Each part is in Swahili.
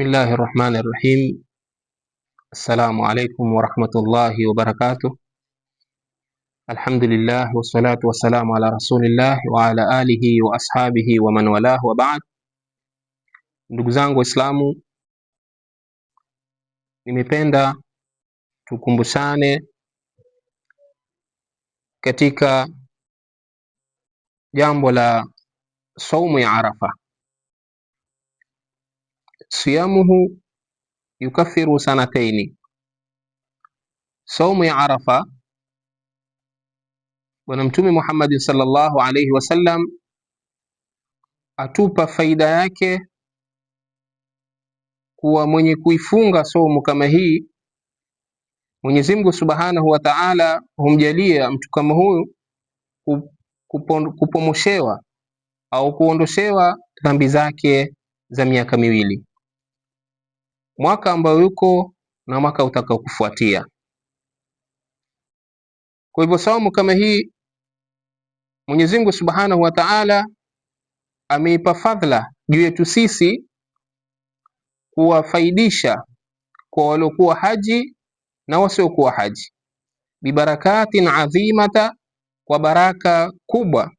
بسم الله الرحمن الرحيم السلام عليكم ورحمة الله وبركاته الحمد لله والصلاة والسلام على رسول الله وعلى آله وأصحابه ومن والاه وبعد ndugu وإسلام Waislamu, nimependa tukumbushane katika jambo la siyamuhu yukaffiru sanataini, saumu ya Arafa. Bwana Mtume Muhammadi sallallahu alaihi wasallam atupa faida yake kuwa mwenye kuifunga somo kama hii, Mwenyezi Mungu Subhanahu wa Ta'ala humjalia mtu kama huyu kupomoshewa au kuondoshewa dhambi zake za miaka miwili mwaka ambao yuko na mwaka utakaokufuatia. Kwa hivyo saumu kama hii Mwenyezi Mungu Subhanahu wa Ta'ala ameipa fadhila juu yetu sisi kuwafaidisha kwa waliokuwa haji na wasiokuwa haji, bibarakatin adhimata, kwa baraka kubwa.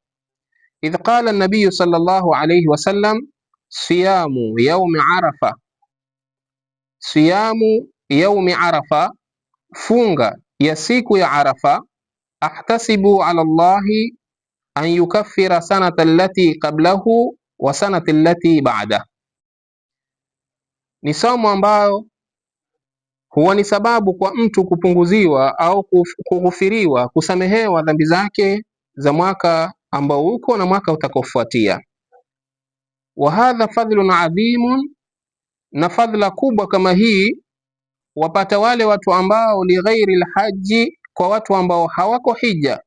Idh qala an-nabiy sallallahu alayhi wasallam siyamu yaumi arafa siyamu yaumi arafa, funga ya siku ya Arafa. Ahtasibu ala llahi an yukaffira sanata allati qablahu wa sanata allati ba'da. Ni somo ambayo huwa ni sababu kwa mtu kupunguziwa au kughufiriwa, kusamehewa dhambi zake za mwaka ambao uko na mwaka utakaofuatia. Wa hadha fadhlun adhimun na fadhila kubwa kama hii wapata wale watu ambao lighairi lhaji, kwa watu ambao hawako hija.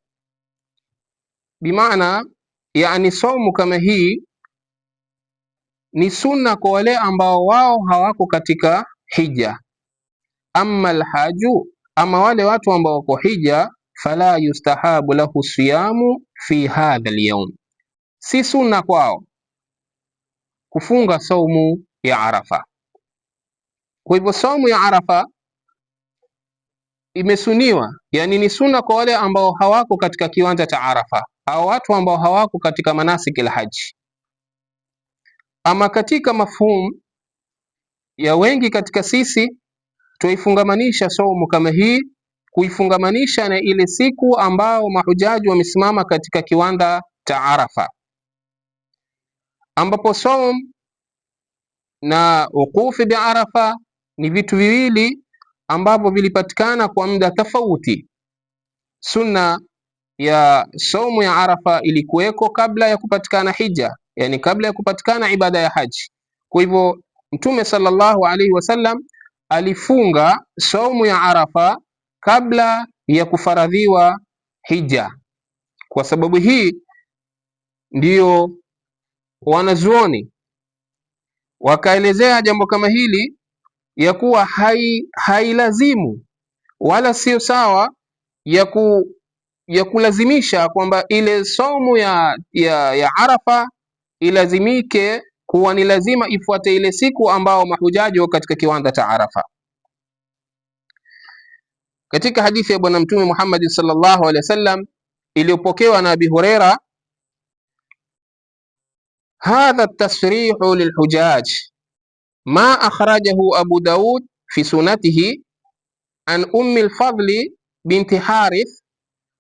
Bimaana yani somu kama hii ni sunna kwa wale ambao wao hawako katika hija. Amma alhaju, ama wale watu ambao wako hija, fala yustahabu lahu siyamu fi hadha lyaum si sunna kwao kufunga saumu ya Arafa. Kwa hivyo saumu ya Arafa imesuniwa, yani ni suna kwa wale ambao hawako katika kiwanja cha Arafa, hao watu ambao hawako katika manasiki la haji. Ama katika mafhumu ya wengi katika sisi, tuifungamanisha saumu kama hii kuifungamanisha na ile siku ambao mahujaji wamesimama katika kiwanda cha Arafa, ambapo saum na wukufi bi Arafa ni vitu viwili ambavyo vilipatikana kwa muda tofauti. Sunna ya somu ya Arafa ilikuweko kabla ya kupatikana hija, yani kabla ya kupatikana ibada ya haji. Kwa hivyo Mtume sallallahu alaihi wasallam alifunga somu ya Arafa kabla ya kufaradhiwa hija. Kwa sababu hii ndiyo wanazuoni wakaelezea jambo kama hili ya kuwa hailazimu hai wala sio sawa ya, ku, ya kulazimisha kwamba ile somo ya, ya, ya Arafa ilazimike kuwa ni lazima ifuate ile siku ambao mahujaji wako katika kiwanda cha Arafa. Katika hadithi ya Bwana Mtume Muhammad sallallahu alaihi wasallam iliyopokewa na Abi Huraira, hadha tasrihu lilhujaj ما أخرجه أبو داود في سنته عن أم الفضل بنت حارث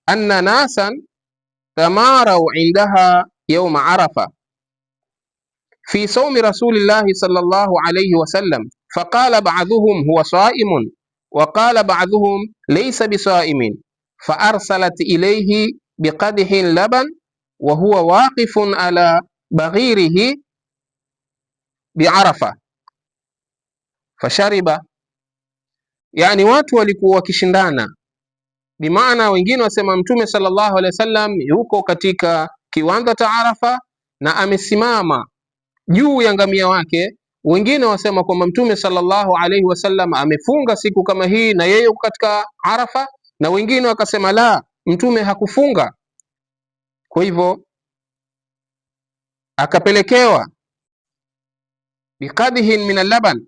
أن ناسا تماروا عندها يوم عرفة في صوم رسول الله صلى الله عليه وسلم فقال بعضهم هو صائم وقال بعضهم ليس بصائم فأرسلت إليه بقدح لبن وهو واقف على بغيره بعرفة Fashariba, yani watu walikuwa wakishindana, bimaana wengine wasema Mtume sallallahu alaihi wasallam yuko katika kiwanja cha Arafa na amesimama juu ya ngamia wake. Wengine wasema kwamba Mtume sallallahu alaihi wasallam amefunga siku kama hii na yeye yuko katika Arafa, na wengine wakasema la, Mtume hakufunga. Kwa hivyo akapelekewa bikadhin min allaban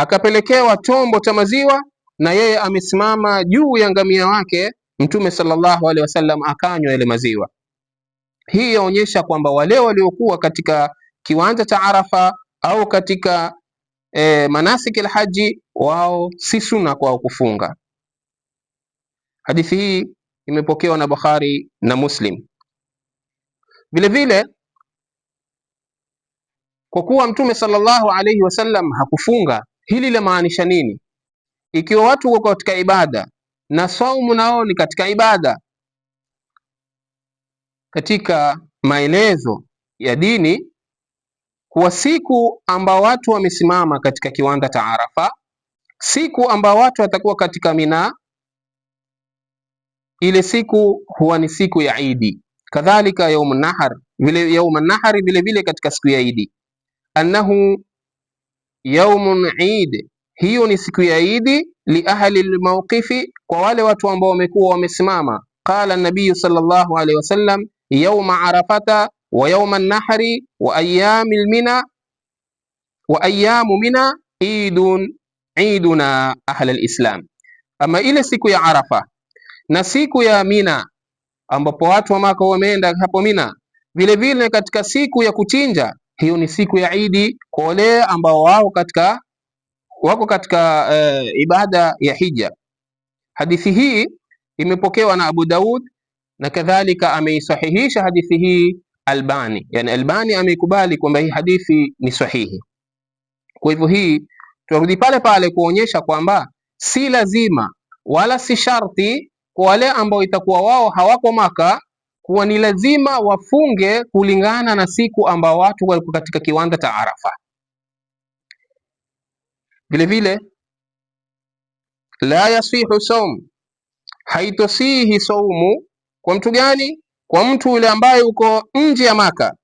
akapelekewa chombo cha maziwa na yeye amesimama juu ya ngamia wake, Mtume sallallahu alaihi wasallam akanywa yale maziwa. Hii yaonyesha kwamba wale waliokuwa katika kiwanja cha Arafa au katika e, manasiki alhaji, wao si sunna kwao kufunga. Hadithi hii imepokewa na Bukhari na Muslim. Vilevile, kwa kuwa Mtume sallallahu alaihi wasallam hakufunga Hili linamaanisha nini? Ikiwa watu wako katika ibada na saumu nao ni katika ibada, katika maelezo ya dini kuwa siku ambao watu wamesimama katika kiwanda cha Arafa, siku ambao watu watakuwa katika Mina, ile siku huwa ni siku ya Idi, kadhalika yaumun nahar vile, yaumun nahari vilevile katika siku ya Idi annahu yaumun idi, hiyo ni siku ya idi. Liahli lmauqifi kwa wale watu ambao wamekuwa wamesimama. Qala nabiyu sallallahu alayhi wasallam yauma arafata wa yauma nahri wa ayami mina wa ayamu mina idun iduna ahla lislam. Ama ile siku ya Arafa na siku ya Mina ambapo watu wa Maka wameenda hapo Mina, vilevile katika siku ya kuchinja hiyo ni siku ya Idi kwa wale ambao wao katika wako katika uh, ibada ya hija. Hadithi hii imepokewa na Abu Daud na kadhalika ameisahihisha hadithi hii Albani, yani Albani ameikubali kwamba hii hadithi ni sahihi. Kwa hivyo hii tunarudi pale pale kuonyesha kwamba si lazima wala si sharti kwa wale ambao itakuwa wao hawako Maka kuwa ni lazima wafunge kulingana na siku ambao watu walikuwa katika kiwanda cha Arafa. Vilevile, la yasihu saum, haitosihi saumu kwa mtu gani? Kwa mtu yule ambaye uko nje ya Maka.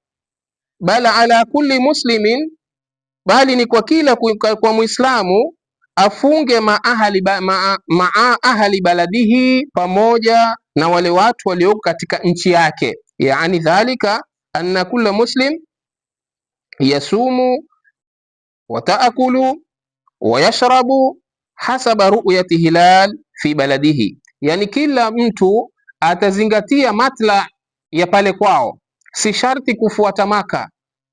Bala ala kulli muslimin, bali ni kwa kila kwa Muislamu afunge maa ahali baladihi, pamoja na wale watu walioko katika nchi yake. Yani dhalika anna kulla muslim yasumu wa taakulu wa yashrabu hasaba ruyati hilal fi baladihi, yani kila mtu atazingatia matla ya pale kwao, si sharti kufuata Maka.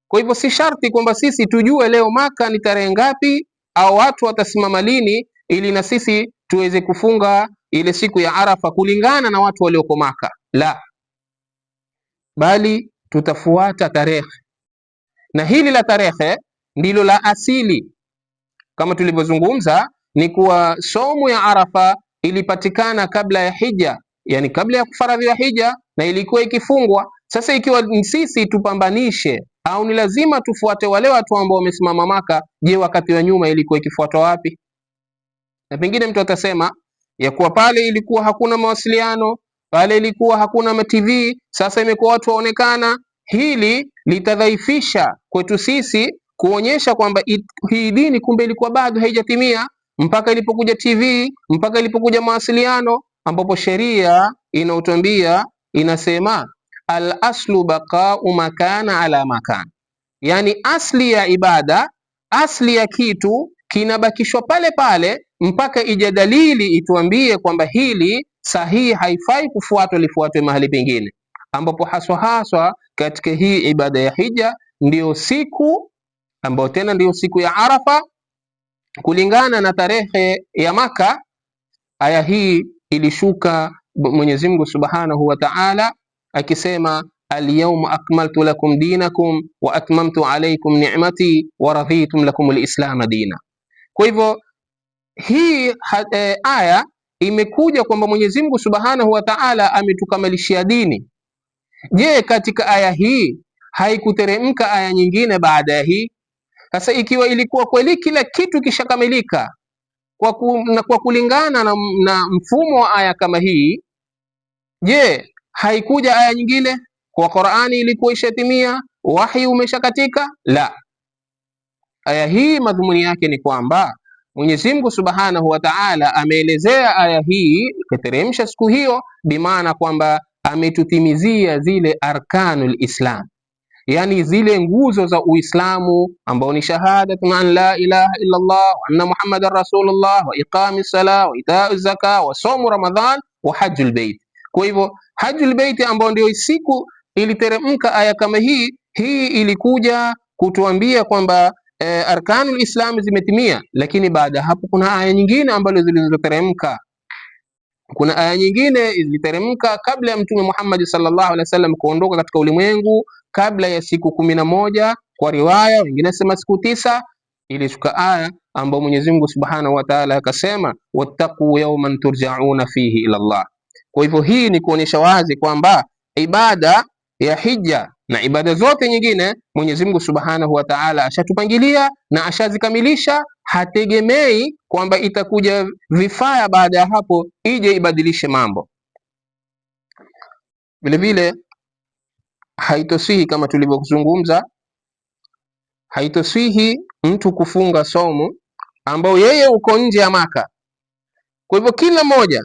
Kwa hivyo si sharti kwamba sisi tujue leo Maka ni tarehe ngapi au watu watasimama lini ili na sisi tuweze kufunga ile siku ya Arafa kulingana na watu walioko Maka. La, bali tutafuata tarehe, na hili la tarehe ndilo la asili. Kama tulivyozungumza, ni kuwa somo ya Arafa ilipatikana kabla ya hija, yani kabla ya kufaradhiwa hija, na ilikuwa ikifungwa. Sasa ikiwa sisi tupambanishe au ni lazima tufuate wale watu ambao wamesimama Maka? Je, wakati wa nyuma ilikuwa ikifuatwa wapi? Na pengine mtu atasema ya kuwa pale ilikuwa hakuna mawasiliano, pale ilikuwa hakuna matv, sasa imekuwa watu waonekana. Hili litadhaifisha kwetu sisi kuonyesha kwamba hii dini kumbe ilikuwa bado haijatimia mpaka ilipokuja TV, mpaka ilipokuja mawasiliano, ambapo sheria inautambia inasema al aslu baqau makana ala makan yani asli ya ibada, asli ya kitu kinabakishwa pale pale mpaka ije dalili ituambie kwamba hili sahihi haifai kufuatwa, lifuatwe mahali pengine, ambapo haswa haswa katika hii ibada ya hija ndiyo siku ambayo tena ndiyo siku ya Arafa kulingana na tarehe ya Maka. Aya hii ilishuka Mwenyezi Mungu Subhanahu wa Ta'ala akisema alyawma akmaltu lakum dinakum wa atmamtu alaykum ni'mati wa radhitu lakum alislama dina. Kwa hivyo hii e, aya imekuja kwamba Mwenyezi Mungu Subhanahu wa Ta'ala ametukamilishia dini. Je, katika aya hii haikuteremka aya nyingine baada ya hii? Sasa ikiwa ilikuwa kweli kila kitu kishakamilika kwa, ku, kwa kulingana na, na mfumo wa aya kama hii, je, haikuja aya nyingine kwa Qur'ani, ilikuwa ishatimia, wahi umeshakatika? La, aya hii madhumuni yake ni kwamba Mwenyezi Mungu Subhanahu wa Ta'ala ameelezea aya hii kateremsha siku hiyo, bimaana kwamba ametutimizia zile arkanul Islam, yani zile nguzo za Uislamu ambao ni shahada an la ilaha illa Allah wa anna Muhammadar Rasulullah wa iqamis wa itauz zaka wa saumu Ramadhan wa hajjul bait. Kwa hivyo Hajjul Bait ambao ndio siku iliteremka aya kama hii, hii ilikuja kutuambia kwamba e, arkanul Islam zimetimia, lakini baada hapo kuna aya nyingine ambazo zilizoteremka. Kuna aya nyingine iliteremka kabla ya Mtume Muhammad sallallahu alaihi wasallam kuondoka katika ulimwengu, kabla ya siku kumi na moja kwa riwaya, wengine sema siku tisa ilishuka aya ambayo Mwenyezi Mungu Subhanahu wa Ta'ala akasema, wattaqu yawman turja'una fihi ila Allah kwa hivyo hii ni kuonyesha wazi kwamba ibada ya hija na ibada zote nyingine Mwenyezi Mungu Subhanahu wa Ta'ala ashatupangilia na ashazikamilisha, hategemei kwamba itakuja vifaa baada ya hapo ije ibadilishe mambo. Vilevile haitosihi kama tulivyozungumza, haitosihi mtu kufunga somo ambao yeye uko nje ya Maka. Kwa hivyo kila moja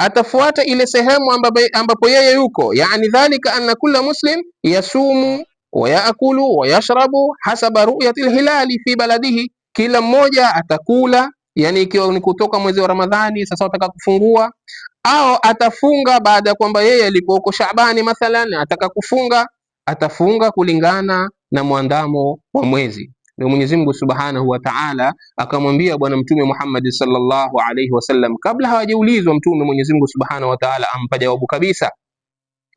atafuata ile sehemu ambapo yeye yuko, yani dhalika anna kulla muslim yasumu wa yaakulu wa yashrabu hasaba ru'yati alhilali fi baladihi, kila mmoja atakula, yani ikiwa ni kutoka mwezi wa Ramadhani, sasa wataka kufungua au atafunga baada ya kwamba yeye alikuwa huko Shaabani mathalan, ataka kufunga atafunga kulingana na mwandamo wa mwezi na Mwenyezi Mungu Subhanahu wa Ta'ala akamwambia bwana mtume Muhammad sallallahu alaihi wasallam, kabla hawajaulizwa mtume, Mwenyezi Mungu Subhanahu wa Ta'ala ampa jawabu kabisa,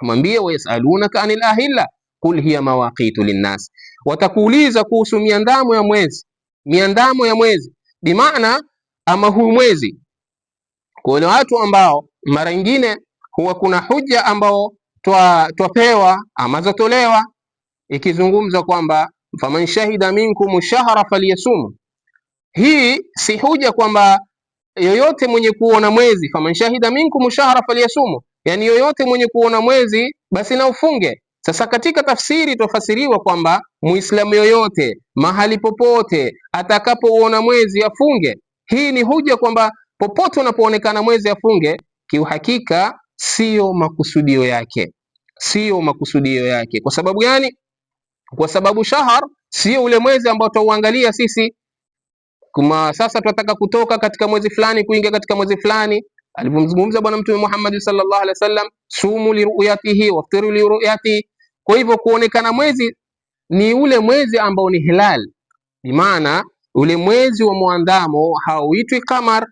mwambie wayasalunaka anil ahilla kul hiya mawaqitu linnas, watakuuliza kuhusu miandamo ya mwezi, miandamo ya mwezi bimaana, ama huu mwezi kwa wale watu ambao mara nyingine huwa kuna hujja ambao twapewa ama zatolewa ikizungumza kwamba faman shahida minkum shahra falyasumu. Hii si huja kwamba yoyote mwenye kuona mwezi, faman shahida minkum shahra falyasumu, yani yoyote mwenye kuona mwezi basi na ufunge. Sasa katika tafsiri tofasiriwa kwamba muislamu yoyote mahali popote atakapouona mwezi afunge. Hii ni huja kwamba popote unapoonekana mwezi afunge. Kiuhakika siyo makusudio yake, siyo makusudio yake. Kwa sababu gani? kwa sababu shahar sio ule mwezi ambao tunauangalia sisi kama sasa tunataka kutoka katika mwezi fulani kuingia katika mwezi fulani. alivyomzungumza Bwana Mtume Muhammad sallallahu alaihi wasallam, sumu liruyatihi waftiru liruyatihi. Kwa hivyo kuonekana mwezi ni ule mwezi ambao ni hilal, ni maana ule mwezi wa muandamo hauitwi kamar,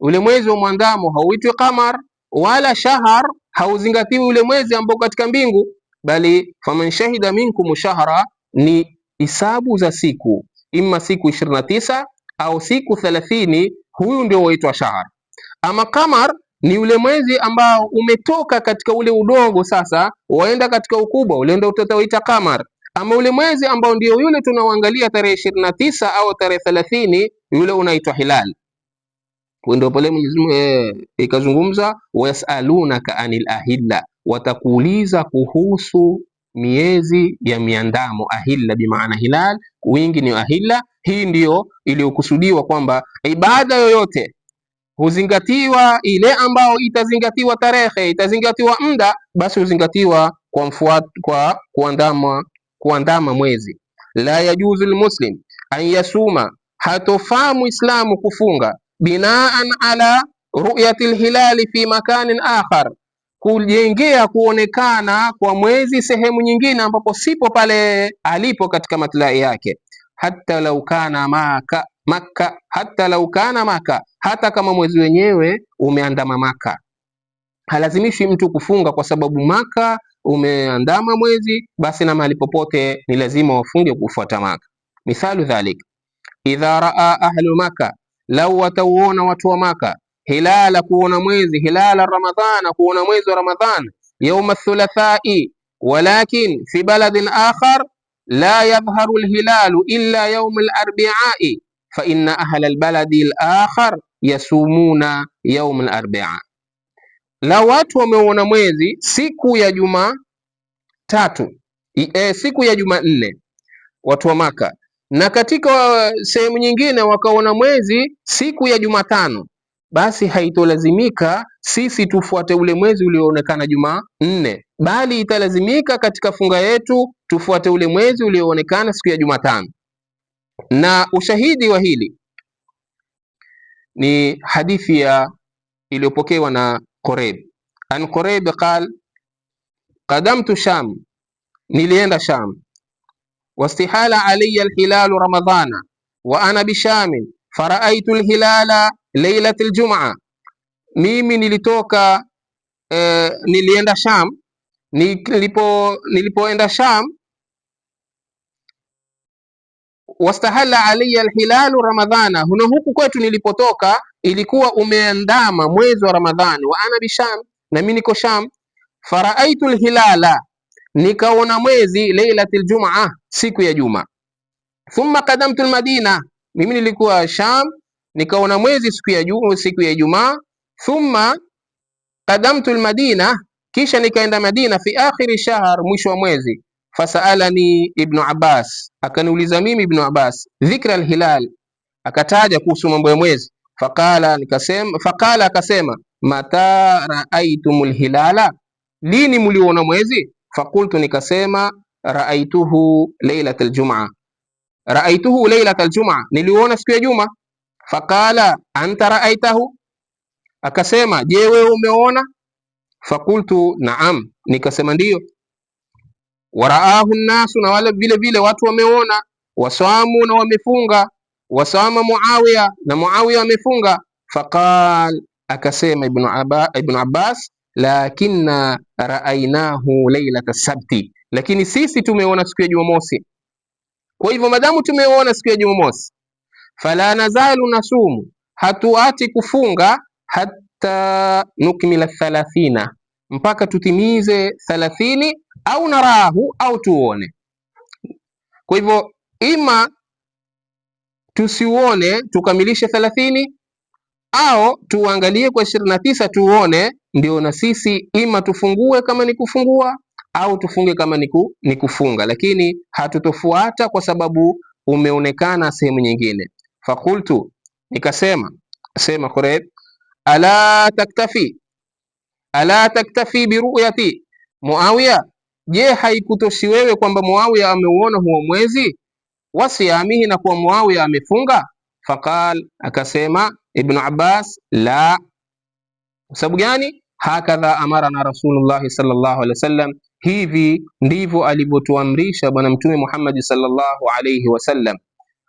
ule mwezi wa muandamo hauitwi kamar, wala shahar hauzingatiwi ule mwezi ambao katika mbingu bali faman shahida minkum shahra ni hisabu za siku, imma siku 29 tisa au siku 30, huyu ndio huitwa shahar. Ama kamar ni ule mwezi ambao umetoka katika ule udogo sasa waenda katika ukubwa ule, ndio utatawaita kamar. Ama ule mwezi ambao ndio yule tunaoangalia tarehe 29 tisa au tarehe 30, yule unaitwa hilal. Ndio pale Mwenyezi Mungu eh, ikazungumza, wayasalunaka anil ahilla watakuuliza kuhusu miezi ya miandamo ahilla, bimaana hilal, wingi ni ahilla. Hii ndiyo iliyokusudiwa kwamba ibada yoyote huzingatiwa ile ambayo itazingatiwa tarehe, itazingatiwa muda, basi huzingatiwa kwa mfuat, kwa kuandama, kuandama mwezi. La yajuzu lmuslim an yasuma, hatofaa muislamu kufunga binaan ala ruyati lhilali fi makanin akhar kujengea kuonekana kwa mwezi sehemu nyingine ambapo sipo pale alipo katika matlai yake. Hata lau kana maka Maka, hata lau kana Maka, hata kama mwezi wenyewe umeandama Maka. Halazimishi mtu kufunga kwa sababu Maka umeandama mwezi, basi na mahali popote ni lazima wafunge kufuata Maka. Mithalu dhalik idha raa ahlu Maka, lau watauona watu wa Maka hilala, kuona mwezi, hilala Ramadhana, kuona mwezi wa Ramadhan, yauma thulathai, walakin fi baladin akhar la yadhharu alhilalu illa yaum larbiai fa inna ahla albaladi alakhar yasumuna yaum larbia La watu wameona mwezi siku ya juma tatu e, siku ya juma nne watu wa Maka, na katika uh, sehemu nyingine wakaona mwezi siku ya Jumatano basi haitolazimika sisi tufuate ule mwezi ulioonekana juma nne bali italazimika katika funga yetu tufuate ule mwezi ulioonekana siku ya Jumatano. Na ushahidi wa hili ni hadithi ya iliyopokewa na Qoreb an Qoreb qal qadamtu Sham, nilienda Sham. Wastihala alayya alhilalu ramadhana wa ana bishamin faraaitu alhilala lailatul jumaa, mimi nilitoka uh, nilienda Sham. Nilipo, nilipoenda Sham, wastahala alayya alhilalu ramadhana, huna huku kwetu nilipotoka ilikuwa umeandama mwezi wa Ramadhani. Wa ana bisham, na mimi niko Sham. Faraaitu alhilala, nikaona mwezi lailatul jumaa, siku ya juma. Thumma qadamtu almadina, mimi nilikuwa Sham nikaona mwezi siku ya juu siku ya Ijumaa. Thumma qadamtu almadina, kisha nikaenda Madina. Fi akhiri shahr, mwisho wa mwezi. Fasalani Ibnu Abbas, akaniuliza mimi Ibnu Abbas, dhikra alhilal, akataja kuhusu mambo ya mwezi. Faqala, nikasema faqala, akasema mata raaitumul hilala, lini mliona mwezi? Faqultu, nikasema raaituhu lailatal jumaa, raaituhu lailatal jumaa, niliona siku ya juma Faqala anta raaitahu, akasema je, wewe umeona? Fakultu naam, nikasema ndiyo. Waraahu nnasu, na wale vile vile watu wameona. Wasamu, na wamefunga. Wasama Muawiya, na Muawiya wamefunga Faqal, akasema Ibnu Abba, Ibnu Abbas lakinna raainahu lailata sabti, lakini sisi tumeona siku ya Jumamosi. Kwa hivyo madamu tumeona siku ya Jumamosi fala nazalu nasumu, hatuati kufunga hatta nukmila thalathina, mpaka tutimize thalathini, au narahu, au tuone. Kwa hivyo ima tusiuone tukamilishe thalathini au tuangalie kwa ishirini na tisa tuone, ndio na sisi ima tufungue kama ni kufungua au tufunge kama ni kufunga, lakini hatutofuata kwa sababu umeonekana sehemu nyingine faqultu nikasema sema Khurayb, ala taktafi ala taktafi biruyati Muawiya, je, haikutoshi wewe kwamba Muawiya ameuona huo mwezi? Wasiamihi, na kuwa Muawiya amefunga. Faqal, akasema Ibnu Abbas, la. Kwa sababu gani? Hakadha amarana Rasulullahi sallallahu alaihi wasallam, hivi ndivyo alivyotuamrisha Bwana Mtume Muhammad sallallahu alaihi wasallam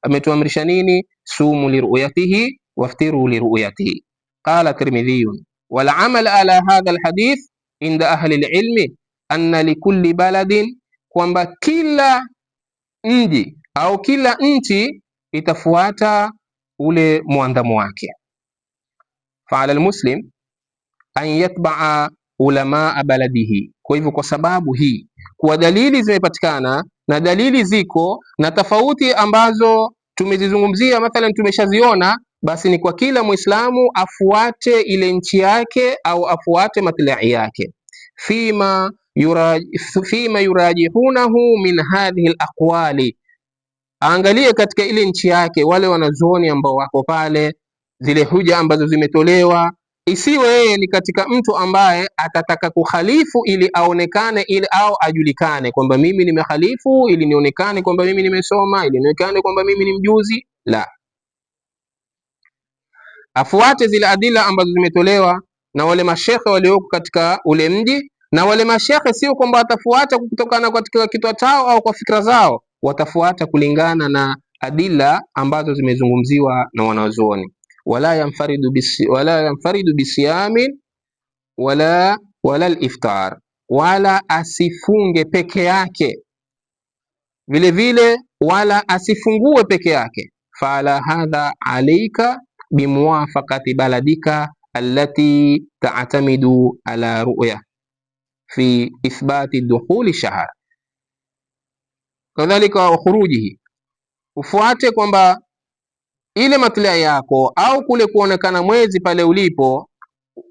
ametuamrisha nini? Sumu liruyatihi waftiru liruyatihi. Qala Tirmidhi wal amal ala hadha al hadith inda ahli al alilmi anna likulli baladin, kwamba kila mji au kila nchi itafuata ule mwandamo wake. Faala muslim an yatbaa ulamaa baladihi. Kwa hivyo kwa sababu hii kuwa dalili zimepatikana na dalili ziko na tofauti ambazo tumezizungumzia mathalan tumeshaziona, basi ni kwa kila Muislamu afuate ile nchi yake au afuate matlai yake fima fima yurajihunahu min hadhihi alaqwali, aangalie katika ile nchi yake wale wanazuoni ambao wako pale, zile huja ambazo zimetolewa isiwe yeye ni katika mtu ambaye atataka kuhalifu ili aonekane ili au ajulikane kwamba mimi nimehalifu ili nionekane kwamba mimi nimesoma, ili nionekane kwamba mimi ni mjuzi. La, afuate zile adila ambazo zimetolewa na wale mashekhe walioko katika ule mji. Na wale mashekhe sio kwamba watafuata kutokana katika kitwa chao au kwa fikra zao, watafuata kulingana na adila ambazo zimezungumziwa na wanazuoni wala yanfaridu bisi, wala yanfaridu bisiyamin wala wala liftar, wala asifunge peke yake, vile vile, wala asifungue peke yake. Fala hadha alaika bimuwafaqati baladika allati ta'tamidu ala ruya fi ithbati dukhuli shahr kadhalika wa khurujihi, ufuate kwamba ile matla yako au kule kuonekana mwezi pale ulipo,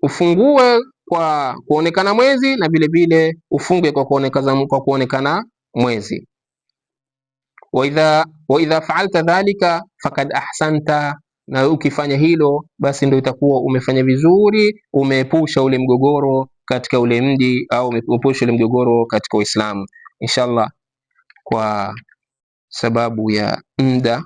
ufungue kwa kuonekana mwezi na vilevile ufunge kwa kuonekana, kwa kuonekana mwezi. wa idha wa idha faalta dhalika fakad ahsanta, na ukifanya hilo basi ndio itakuwa umefanya vizuri, umeepusha ule mgogoro katika ule mji au umeepusha ule mgogoro katika Uislamu. Inshallah, kwa sababu ya muda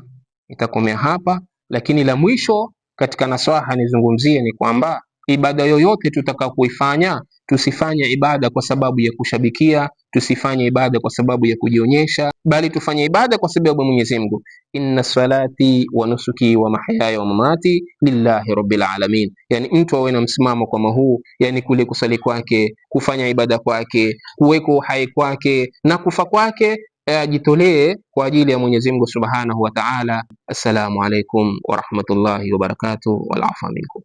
itakomea hapa. Lakini la mwisho katika nasaha nizungumzie ni kwamba ibada yoyote tutakapoifanya tusifanye ibada kwa sababu ya kushabikia, tusifanye ibada kwa sababu ya kujionyesha, bali tufanye ibada kwa sababu ya Mwenyezi Mungu. inna salati wa nusuki wa mahyaya wa mamati lillahi rabbil alamin, yani mtu awe na msimamo kama huu, yani kule kusali kwake, kufanya ibada kwake, kuweko uhai kwake na kufa kwake Eh, ajitolee kwa ajili ya Mwenyezi Mungu Subhanahu wa Ta'ala. Assalamu alaikum wa rahmatullahi wa barakatuh, wal afa minkum.